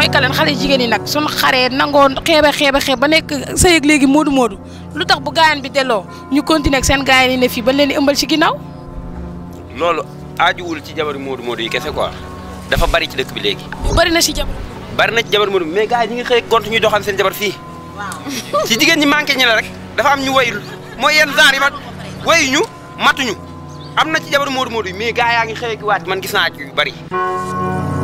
xoykaleen xale jigéen yi nag suñ xaree nangoo xeeba xeeba xeeb ba nekk sëy ak léegi moodu moodu lu tax bu gaayan bi delloo ñu continuer seen gaayan yi ne fii ba leen di si ci ginnaaw loolu wul ci jabar moodu moodu yi kese quoi dafa bari ci dëkk bi léegi bari na si jabar bari na ci jabar moodu mais gars yi ñi ngi ñuy doxal seen jabar fii ci jigéen ñi manqué ñi rek dafa am ñu wayul mooy yenn genre yi ma wayuñu matuñu am na ci jabar moodu moodu yi mais yaa ngi xëy ki waat man gis naa ci yu bari